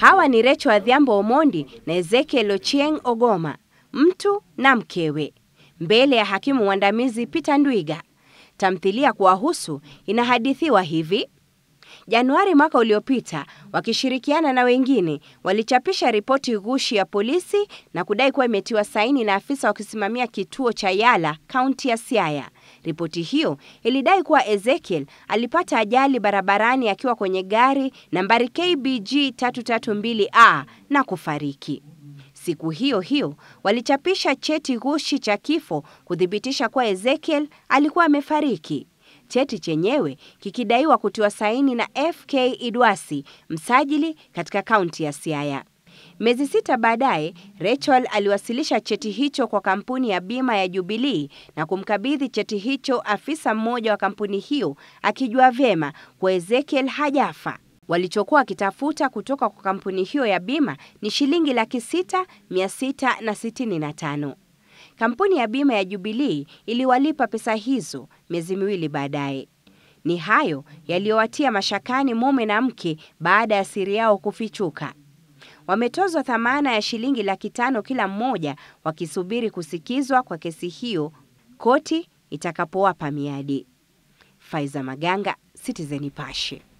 Hawa ni Recho Adhiambo Omondi na Ezekiel Ochieng Ogoma, mtu na mkewe, mbele ya hakimu mwandamizi Peter Ndwiga. Tamthilia kuwahusu inahadithiwa hivi: Januari mwaka uliopita, wakishirikiana na wengine walichapisha ripoti ghushi ya polisi na kudai kuwa imetiwa saini na afisa wa kusimamia kituo cha Yala, kaunti ya Siaya. Ripoti hiyo ilidai kuwa Ezekiel alipata ajali barabarani akiwa kwenye gari nambari KBG 332A na kufariki. Siku hiyo hiyo walichapisha cheti ghushi cha kifo kuthibitisha kuwa Ezekiel alikuwa amefariki. Cheti chenyewe kikidaiwa kutiwa saini na FK Idwasi, msajili katika kaunti ya Siaya. Miezi sita baadaye, Rachel aliwasilisha cheti hicho kwa kampuni ya bima ya Jubilee na kumkabidhi cheti hicho afisa mmoja wa kampuni hiyo akijua vyema kwa Ezekiel hajafa. Walichokuwa wakitafuta kutoka kwa kampuni hiyo ya bima ni shilingi laki sita mia sita na sitini na tano. Kampuni ya bima ya Jubilee iliwalipa pesa hizo miezi miwili baadaye. Ni hayo yaliyowatia mashakani mume na mke baada ya siri yao kufichuka wametozwa thamana ya shilingi laki tano kila mmoja wakisubiri kusikizwa kwa kesi hiyo koti itakapowapa miadi. Faiza Maganga, Citizen Nipashe.